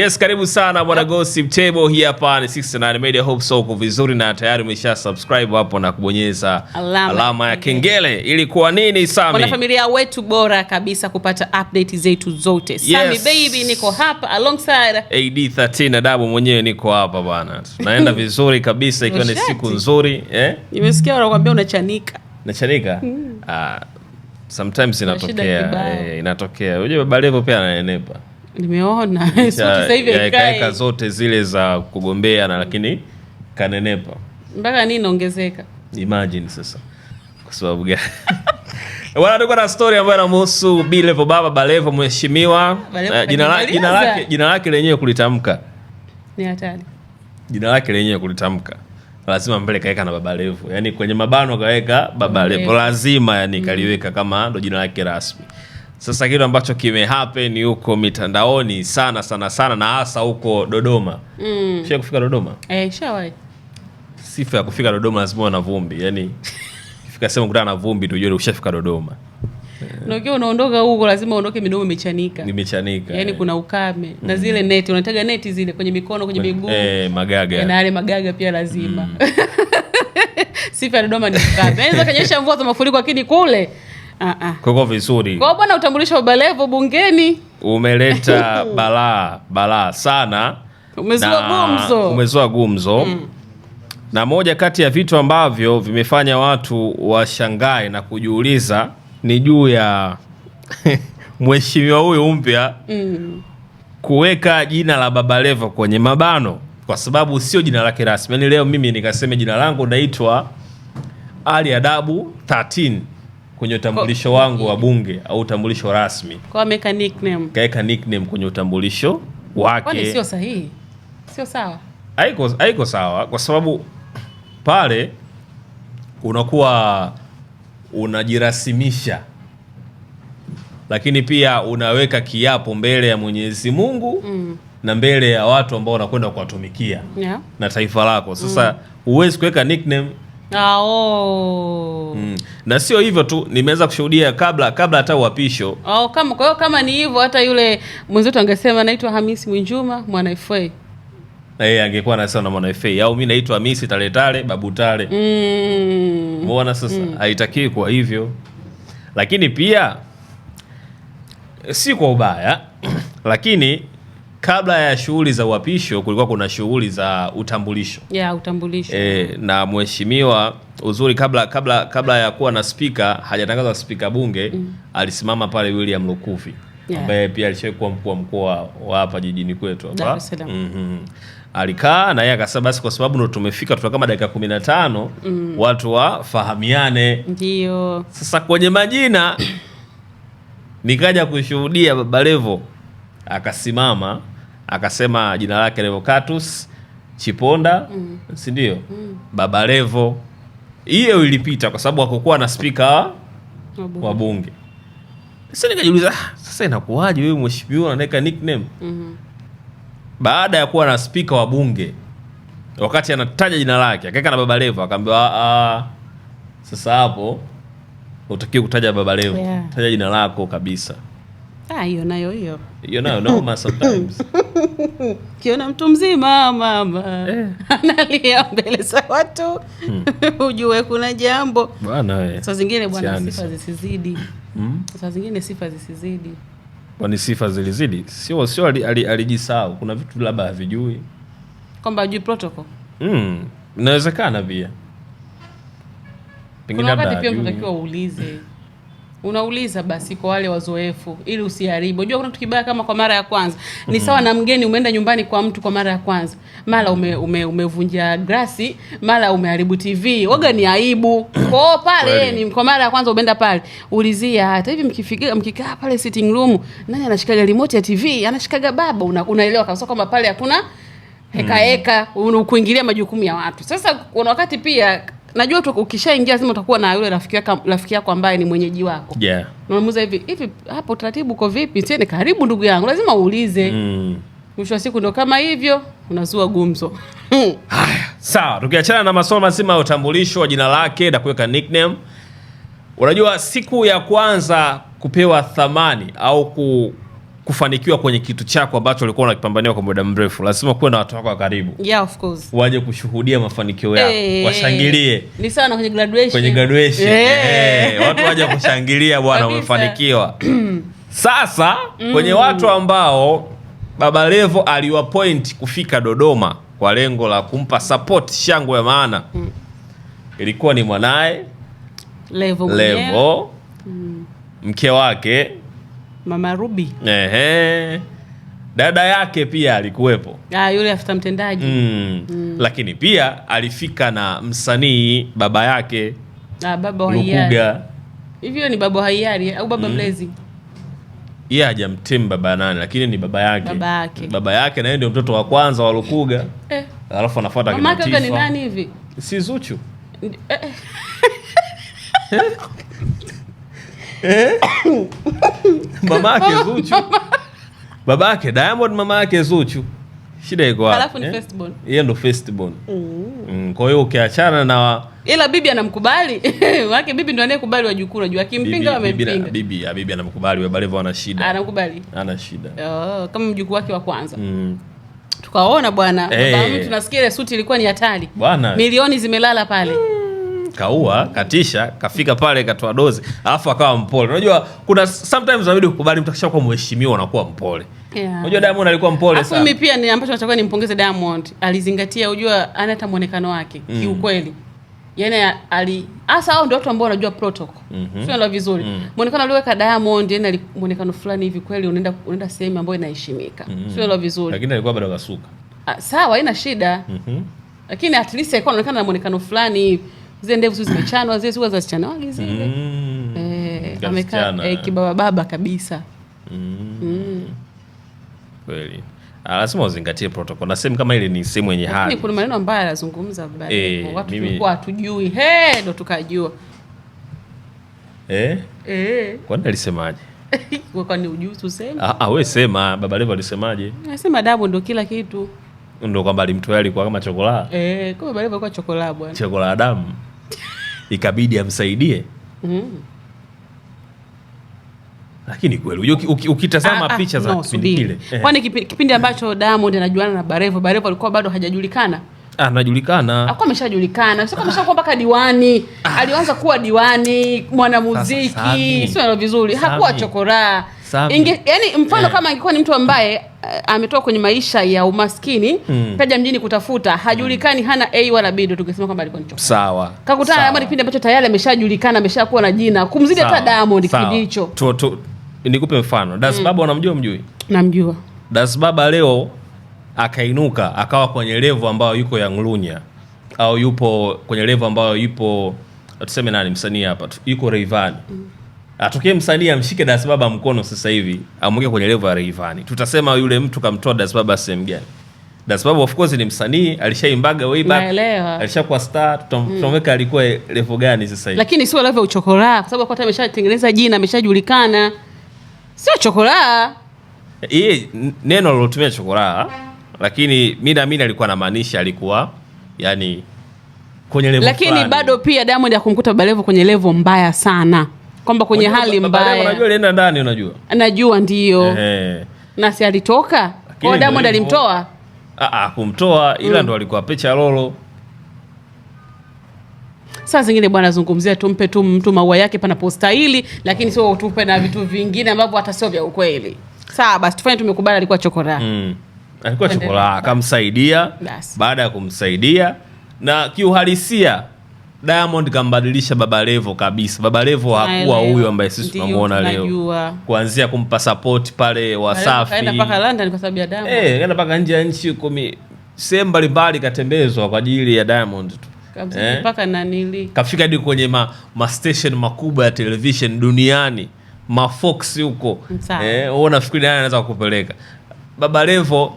Yes, karibu sana bwana Gossip Table, hii hapa ni 69 Media. Hope so uko vizuri na tayari umesha subscribe hapo na kubonyeza alama, alama ya kengele. ili Ilikuwa nini Sami? Kwa familia wetu bora kabisa kupata update zetu zote. Yes. Sami baby niko hapa alongside AD13 na Dabo mwenyewe niko hapa bwana. Tunaenda vizuri kabisa ikiwa ni siku nzuri, eh? Nimesikia wanakuambia unachanika. Nachanika? Mm. Ah, sometimes inatokea, eh, inatokea. Unajua Baba Levo pia anaenepa. Nimeona sasa zote zile za kugombea na lakini kanenepa mpaka nii naongezeka. Imagine sasa kwa sababu gani? Bwana na stori ambayo inamhusu Bilevo, baba Balevo, mheshimiwa. Eh, jina lake lenyewe kulitamka ni hatari. Jina lake lenyewe kulitamka lazima mbele kaweka na baba Levo, yaani kwenye mabano kaweka baba Levo, lazima yani mm. kaliweka kama ndo jina lake rasmi. Sasa kile ambacho kimehappen huko mitandaoni sana sana sana na hasa huko Dodoma. Mm. Shia kufika Dodoma? Eh, shawahi. Sifa ya kufika Dodoma lazima una vumbi. Yaani kufika sema kutana na vumbi tu unajua ushafika Dodoma. Na ukiwa unaondoka huko lazima uondoke midomo imechanika. Imechanika. Yaani eh, kuna ukame. Mm. Na zile neti unataga neti zile kwenye mikono, kwenye miguu. Eh, magaga. Na yaani yale magaga pia lazima. Mm. Sifa ya Dodoma ni ukame. Yaani inaweza kanyesha mvua za mafuriko lakini kule Uh-uh. Kuko vizuri. Kwa bwana utambulisho wa Balevo bungeni umeleta hmm. balaa balaa sana, umezua gumzo, umezua gumzo. Mm. Na moja kati ya vitu ambavyo vimefanya watu washangae na kujiuliza ni juu ya mheshimiwa huyu mpya mm. kuweka jina la Levo kwenye mabano kwa sababu sio jina lake rasmi. Yaani leo mimi nikaseme jina langu naitwa Ali Adabu 13 kwenye utambulisho wangu wa bunge au utambulisho rasmi, kwa nickname, nickname kwenye utambulisho wake. Kwani sio sahihi? Sio sawa, haiko haiko sawa, kwa sababu pale unakuwa unajirasimisha, lakini pia unaweka kiapo mbele ya Mwenyezi Mungu mm. na mbele ya watu ambao unakwenda kuwatumikia yeah. na taifa lako. Sasa mm. huwezi mm. kuweka nickname Ah, oh. Mm. Na sio hivyo tu, nimeweza kushuhudia kabla kabla hata uapisho. Oh, kama kwa hiyo kama ni hivyo hata yule mwenzetu angesema naitwa Hamisi Mwinjuma mwana FA. yeye angekuwa anasema mwana FA au mimi naitwa Hamisi tale tale babu tale. Mm. Muona sasa mm. Haitakiwi kwa hivyo. Lakini pia si kwa ubaya lakini kabla ya shughuli za uapisho kulikuwa kuna shughuli za utambulisho. Yeah, utambulisho. E, na mheshimiwa uzuri kabla kabla kabla ya kuwa na spika hajatangaza spika bunge mm. alisimama pale William Lukuvi ambaye yeah. pia alishakuwa mkuu wa mkoa wa hapa jijini kwetu hapa mm -hmm. alikaa na yeye akasema, basi kwa sababu ndo tumefika, tuna kama dakika kumi na tano mm. watu wafahamiane. Ndio sasa kwenye majina nikaja kushuhudia Baba Levo akasimama akasema jina lake Revocatus Chiponda mm. si ndio? mm. Baba Levo. Hiyo ilipita kwa sababu hakukuwa na spika wa bunge. Sasa nikajiuliza, ah, sasa inakuwaje wewe mheshimiwa unaweka nickname mm -hmm. baada ya kuwa na spika wa bunge wakati anataja jina lake akaweka na Baba Levo, akaambiwa ah, ah, sasa hapo utakiwa kutaja Baba Levo yeah. taja jina lako kabisa. Ah, hiyo nayo hiyo hiyo nayo noma sometimes. Kiona mtu mzima mama eh, analia mbele za watu hmm. Ujue kuna jambo bwana. Saa zingine bwana, sifa zisizidi hmm. Saa zingine sifa zisizidi, kwani sifa zilizidi, sio sio, alijisahau kuna vitu labda havijui kwamba hajui protocol mm, inawezekana pia, pengine labda pia unatakiwa uulize unauliza basi kwa wale wazoefu ili usiharibu. Unajua kuna kitu kibaya kama kwa mara ya kwanza ni mm -hmm. sawa na mgeni, umeenda nyumbani kwa mtu kwa mara ya kwanza, mara ume, ume, umevunja glasi, mara umeharibu TV, waga ni aibu kwao pale ni kwa mara ya kwanza umeenda pale, ulizia hata hivi, mkifika mkikaa pale sitting room, nani anashikaga remote ya TV? Anashikaga baba. Una, unaelewa kabisa kwamba pale hakuna heka heka, mm -hmm. kuingilia majukumu ya watu. Sasa kuna wakati pia najua tu ukishaingia lazima utakuwa na yule rafiki yako rafiki yako ambaye ni mwenyeji wako. Yeah. Unamuuliza hivi, hivi hapo taratibu uko vipi? Sio ni karibu ndugu yangu, lazima uulize. Mm. Mwisho wa siku ndo kama hivyo unazua gumzo. Haya, sawa. Tukiachana na masomo mazima ya utambulisho wa jina lake na kuweka nickname. Unajua siku ya kwanza kupewa thamani au ku, kufanikiwa kwenye kitu chako ambacho ulikuwa unakipambania kwa muda mrefu, lazima kuwe na watu wako wa karibu. Yeah, of course. Waje kushuhudia mafanikio yako, hey, eh, eh, washangilie. Ni sana kwenye graduation. Kwenye graduation. Hey. Eh. Hey, watu waje kushangilia bwana umefanikiwa. Sasa mm, kwenye watu ambao Baba Levo aliwapoint kufika Dodoma kwa lengo la kumpa support shangwe ya maana mm, ilikuwa ni mwanaye Levo, Levo. Mm, mke wake Mama Ruby. Ehe. Dada yake pia alikuwepo. Ah, yule afuta mtendaji. Mm. Mm. Lakini pia alifika na msanii baba yake. Ah, baba wa Lukuga. Hivyo ni baba Hayari au baba mm. mlezi? Yeye hajamtem baba nani, lakini ni baba yake. Baba yake. Baba yake na yeye ndio mtoto wa kwanza wa Lukuga. Eh. Alafu anafuata kina Tifa. Mama ni nani hivi? Si Zuchu. Eh. eh. eh? eh? mama yake Zuchu, baba yake Diamond, mama yake Zuchu. Shida iko wapi? Alafu ni eh? Firstborn. Yeye ndo firstborn. Mm. Mm, kwa hiyo ukiachana na ila bibi anamkubali wake bibi ndo anayekubali wajukuu, unajua akimpinga wamempinga. Bibi ya bibi anamkubali wewe, Balevo ana shida. Anamkubali. Ana shida. Oh, kama mjukuu wake wa kwanza. Mm. Tukaona bwana, hey. Baba eh. mtu nasikia ile suti ilikuwa ni hatari. Bwana. Milioni zimelala pale. Mm kaua, katisha, kafika pale katoa dozi, alafu akawa mpole. Unajua kuna sometimes inabidi kukubali mtu akishakuwa mheshimiwa anakuwa mpole. Yeah. Unajua Diamond alikuwa mpole sana. Mimi pia ni ambacho nataka nimpongeze Diamond, alizingatia unajua ana hata muonekano wake mm. kiukweli. Yaani ali hasa hao ndio watu ambao wanajua protocol. Mhm. Mm -hmm. Sio vizuri. muonekano Mm. Muonekano aliweka Diamond yaani ali muonekano fulani hivi kweli unaenda unaenda sehemu ambayo inaheshimika. Mm -hmm. Sio vizuri. Lakini alikuwa bado kasuka. Ah, sawa, haina shida. Mm -hmm. Lakini at least alikuwa anaonekana na muonekano fulani hivi zile ndevu sio zimechanwa zile sio za zile mm, eh, amekaa eh, kibaba baba kabisa mm. Mm. Ah, lazima uzingatie protocol na sehemu kama ile ni sehemu yenye hali. Kuna maneno ambayo anazungumza baba eh, watu mimi... tulikuwa hatujui he ndo tukajua eh eh, kwani alisemaje? kwani ujuzi useme? Ah, ah sema, baba Levo alisemaje? Anasema dabu ndo kila kitu ndo kwamba alimtoa eh, alikuwa kama chokolaa e, kwa baba alikuwa chokolaa bwana, chokolaa damu ikabidi amsaidie Lakini kweli ukitazama ah, ah, picha za kipindi kile, eh. kwani kipindi ambacho Diamond anajuana na Barevo, Barevo alikuwa bado hajajulikana ah, anajulikana alikuwa ameshajulikana, sio shakuwa mpaka diwani. Alianza kuwa diwani mwanamuziki, sio vizuri, hakuwa chokoraa. Inge, yani mfano yeah. Kama angekuwa ni mtu ambaye uh, eh, ametoka kwenye maisha ya umaskini mm. Kaja mjini kutafuta hajulikani, mm. hana A wala B, ndio tungesema kwamba alikuwa ni chokoraa. Sawa, kakutana labda kipindi ambacho tayari ameshajulikana, ameshakuwa na jina, kumzidi hata Diamond kipindi hicho. Nikupe mfano Das mm. Baba, unamjua mjui? Namjua Das Baba. Leo akainuka akawa kwenye levo ambayo yuko ya Ngulunya au yupo kwenye levo ambayo yupo tuseme nani msanii hapa yuko Rayvanny mm atokee msanii amshike dasibaba mkono sasa hivi amweke kwenye levo ya Rayvanny, tutasema yule mtu kamtoa dasibaba sehemu gani? Dasibaba Baba of course ni msanii, alishaimbaga way back, alishakuwa star, mm. tutamweka mm. alikuwa levo gani sasa hivi? Lakini sio level uchokoraa, kwa sababu hata ameshatengeneza jina, ameshajulikana, sio chokoraa. hii neno alilotumia chokoraa, lakini mi naamini alikuwa anamaanisha alikuwa yani kwenye level, lakini bado pia Diamond akumkuta Babalevo kwenye levo mbaya sana kwamba kwenye hali mbaya. Unajua alienda ndani, unajua najua ndio na Nasi alitoka kwa Diamond alimtoa ah, ah, kumtoa ila mm. Ndo alikuwa pecha lolo. Saa zingine bwana, zungumzia tumpe tu mtu maua yake panapostahili, lakini sio utupe na vitu vingine ambavyo hata sio vya ukweli. Sawa basi, tufanye tumekubali, alikuwa chokora mm. alikuwa chokora, akamsaidia baada ya kumsaidia na kiuhalisia Diamond kambadilisha Baba Levo kabisa. Baba Levo hakuwa huyo ambaye sisi tunamuona leo, kuanzia kumpa support pale Wasafi, kaenda mpaka London kwa sababu ya Diamond, eh, kaenda mpaka nje ya nchi huko, sehemu mbalimbali katembezwa kwa ajili ya Diamond tu eh? mpaka nanili kafika hadi kwenye ma, ma station makubwa ya television duniani ma Fox huko eh, unafikiri nani anaweza kukupeleka? Baba Levo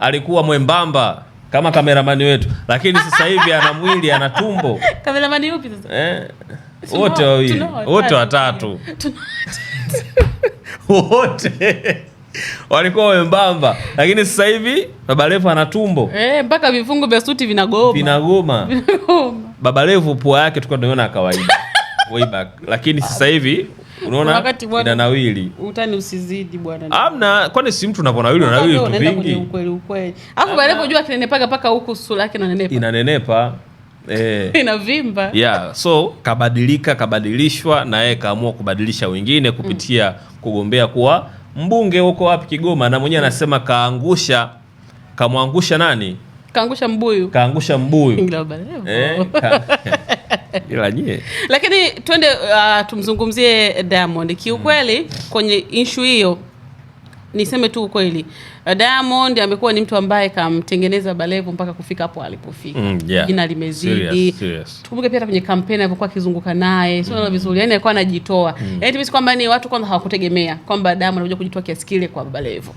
alikuwa mwembamba kama kameramani wetu, lakini sasa hivi ana mwili ana tumbo. Kameramani yupi sasa? Eh, wote wawili, wote watatu, wote walikuwa wembamba, lakini sasa hivi Baba Levo ana tumbo eh, mpaka vifungo vya suti vinagoma, vinagoma. Baba Levo pua yake tulikuwa tunaiona kawaida way back, lakini sasa hivi Unaona? ina nawili. Utani usizidi bwana. amna kwani si mtu unaponawili unawili vitu vingi. Ukweli ukweli. Alafu baada unajua kinenepaga mpaka huku sura yake inanenepa. Inanenepa. Eh. Inavimba. Yeah, so kabadilika, kabadilishwa na yeye kaamua kubadilisha wengine kupitia mm. kugombea kuwa mbunge huko wapi Kigoma na mwenyewe mm. anasema mm. kaangusha kamwangusha nani? Kaangusha mbuyu. Kaangusha mbuyu. eh, ka ila nyie lakini twende uh, tumzungumzie Diamond kiukweli, mm. kwenye inshu hiyo niseme tu ukweli, uh, Diamond amekuwa ni mtu ambaye kamtengeneza balevu mpaka kufika hapo alipofika. mm, yeah. Jina limezidi, tukumbuke pia kwenye kampeni alivyokuwa akizunguka naye sio mm. vizuri, yani alikuwa anajitoa mm. yani tumisi kwamba ni watu kwanza hawakutegemea kwamba Diamond anakuja kujitoa kiasi kile kwa balevu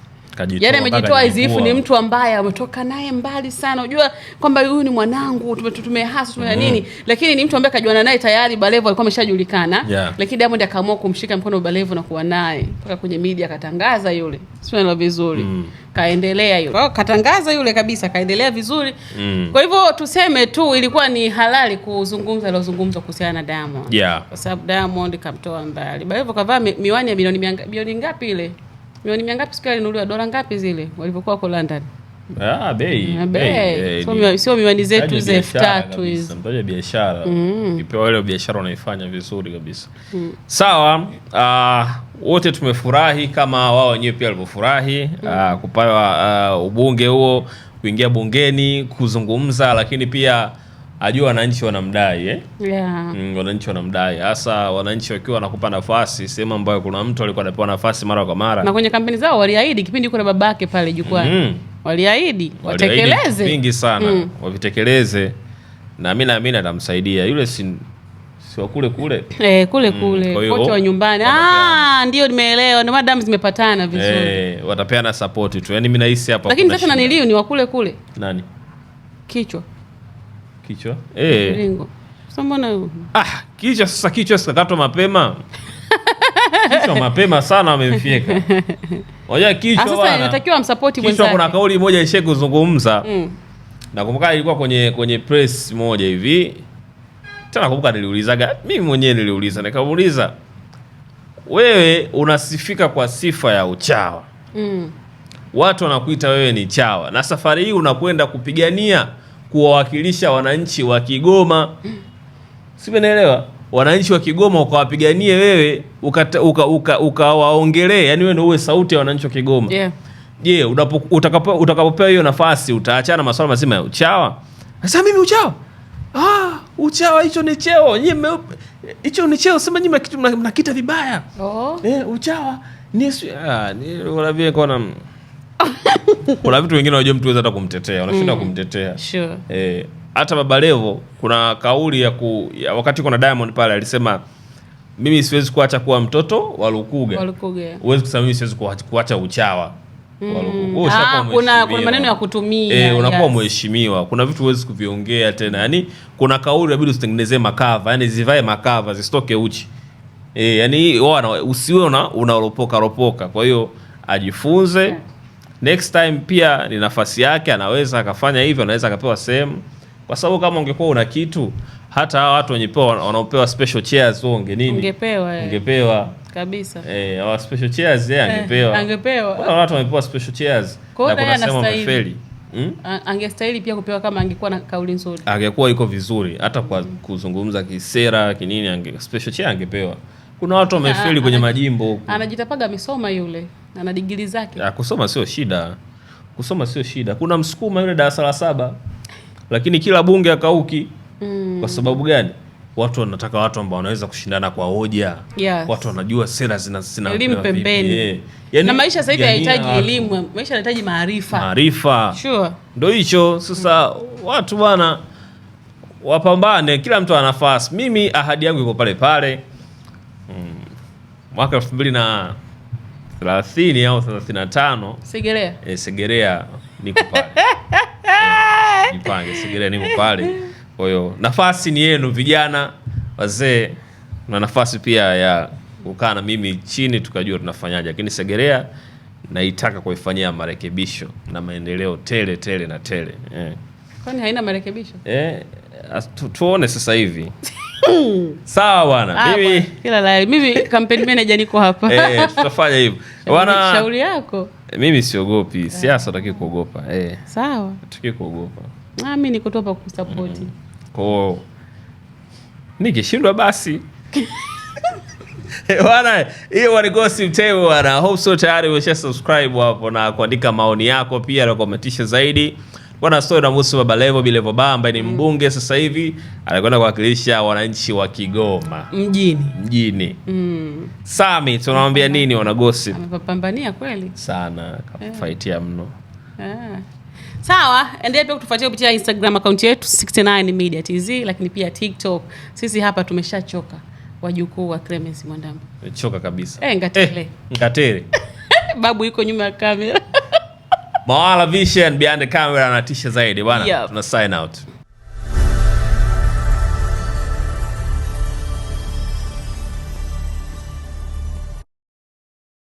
Yani amejitoa izifu ni mtu ambaye ametoka naye mbali sana. Unajua kwamba huyu ni mwanangu, tumehasa tume mm. nini, lakini ni mtu ambaye kajuana naye tayari. Balevo alikuwa ameshajulikana yeah. Lakini Diamond akaamua kumshika mkono Balevo na kuwa naye mpaka kwenye media akatangaza yule, sio vizuri mm. Kaendelea yule kwa oh, katangaza yule kabisa, kaendelea vizuri mm. Kwa hivyo tuseme tu ilikuwa ni halali kuzungumza aliozungumzwa kuhusiana na Diamond yeah. Kwa sababu Diamond kamtoa mbali Balevo, kavaa miwani ya bilioni ngapi ile milioni mia ngapi siku alinunuliwa? Dola ngapi zile walivyokuwa huko London? Ah, bei ah, bei, eh, sio miwani zetu yaani ze elfu tatu hizo. Mtaja biashara mm. ipewa ile biashara unaifanya vizuri kabisa mm. Sawa ah, wote uh, tumefurahi kama wao wenyewe pia walivyofurahi mm. uh, kupewa uh, ubunge huo kuingia bungeni kuzungumza, lakini pia ajua wananchi wanamdai eh? yeah. Mm, wananchi wanamdai hasa, wananchi wakiwa wanakupa nafasi sehemu ambayo kuna mtu alikuwa anapewa nafasi mara kwa mara, na kwenye kampeni zao waliahidi kipindi yuko na babake pale jukwani mm. waliahidi watekeleze mingi sana mm. wavitekeleze, na mimi naamini atamsaidia yule si sio kule kule eh, kule mm, kule mm, kocha wa nyumbani. Ah, ndio nimeelewa, ndio madam zimepatana vizuri eh, watapeana support tu. Yani mimi nahisi hapa, lakini sasa naniliu ni wa kule kule nani kichwa kichwa eh. Ah, kichwa sasa, kichwa sikakatwa mapema kichwa mapema sana wamemfyeka. kichwa ah, kuna kauli moja ishe kuzungumza mm. Nakumbuka ilikuwa kwenye kwenye press moja hivi tena, kumbuka niliulizaga mimi mwenyewe niliuliza, nikamuuliza wewe unasifika kwa sifa ya uchawa mm. Watu wanakuita wewe ni chawa na safari hii unakwenda kupigania kuwawakilisha wananchi wa Kigoma, simenaelewa wananchi wa Kigoma ukawapiganie wewe, ukawaongelee uka, uka, uka yani wewe ndio uwe sauti ya wananchi wa Kigoma. Je, yeah. yeah, utakapopewa hiyo nafasi utaachana na masuala mazima ya uchawa? Sasa mimi uchawa? Ah, uchawa hicho ni cheo. Nyinyi hicho ni cheo, sema nyinyi mnakita vibaya. Oh. Eh, uchawa ni ah, ni kuna vitu vingine unajua mtu weza hata kumtetea unashinda mm. kumtetea sure. e, hata Baba Levo kuna kauli ya, ku, ya wakati kuna Diamond pale alisema mimi siwezi kuacha kuwa mtoto wa Lukuga. Huwezi kusema mimi siwezi kuacha uchawa Mm. Ah, kuna, kuna maneno ya kutumia e, unakuwa yes. Mheshimiwa, kuna vitu huwezi kuviongea tena, yani kuna kauli inabidi usitengeneze makava, yani zivae makava zisitoke uchi e, eh, yani usiwe una unalopoka ropoka. Kwa hiyo ajifunze yeah next time pia ni nafasi yake, anaweza akafanya hivyo, anaweza akapewa sehemu, kwa sababu kama ungekuwa una kitu hata hawa watu wenye wanaopewa special chairs wao unge nini, ungepewa eh. ungepewa kabisa eh, hawa special chairs yeye eh, angepewa, angepewa. Kuna watu wamepewa special chairs na kuna sema amefeli Hmm? Angestahili pia kupewa kama angekuwa na kauli nzuri, angekuwa yuko vizuri hata kwa kuzungumza kisera kinini, ange special chair angepewa. Kuna watu wamefeli kwenye majimbo huko. Anajitapaga misoma yule, ana digiri zake. Ah, kusoma sio shida, kusoma sio shida. Kuna msukuma yule darasa la saba, lakini kila bunge akauki. Mm. Kwa sababu gani? Watu wanataka watu ambao wanaweza kushindana kwa hoja. Yes. Watu wanajua sera zina zina elimu pembeni. Yeah. Yani, na maisha sasa hivi hayahitaji elimu, maisha yanahitaji maarifa. Maarifa. Sure. Ndio hicho sasa. Mm. Watu bwana wapambane, kila mtu ana nafasi. Mimi ahadi yangu iko pale pale mwaka elfu mbili na thelathini au thelathini na tano Segerea, e, Segerea niko pale e, Segerea niko pale. Kwa hiyo nafasi ni yenu vijana, wazee, na nafasi pia ya kukaa na mimi chini tukajua tunafanyaje, lakini Segerea naitaka kuifanyia marekebisho na maendeleo tele tele na tele eh. Kwani haina marekebisho eh? Tu, tuone sasa hivi Sawa bwana. Ah, mimi kila la mimi campaign manager niko hapa. Eh, tutafanya hivyo. Bwana shauri yako. Mimi siogopi. Siasa nataki kuogopa. Eh. Sawa. Nataki kuogopa. Ah, mimi niko tu hapa kukusupport. Mm. Kwa nikishindwa basi. Eh, bwana, hiyo gossip table bwana. Hope so tayari umesha subscribe hapo na kuandika maoni yako pia na kukomentisha zaidi. Kulikuwa na story namhusu Baba Levo Bilevo Ba ambaye ni mm. mbunge mm. sasa hivi anakwenda kuwakilisha wananchi wa Kigoma mjini mjini. Mm. Sami tunawambia nini wana gossip? Amepambania kweli sana, kafaitia eh. mno yeah. Sawa, endelea pia kutufuatia kupitia Instagram account yetu 69 Media TZ, lakini pia TikTok. Sisi hapa tumeshachoka wajukuu wa Clemens Mwandambo. Choka kabisa. Eh, ngatele. Eh, ngatele. Babu yuko nyuma ya kamera. Mawala Vision behind the camera anatisha zaidi bwana. Yep. Tuna sign out.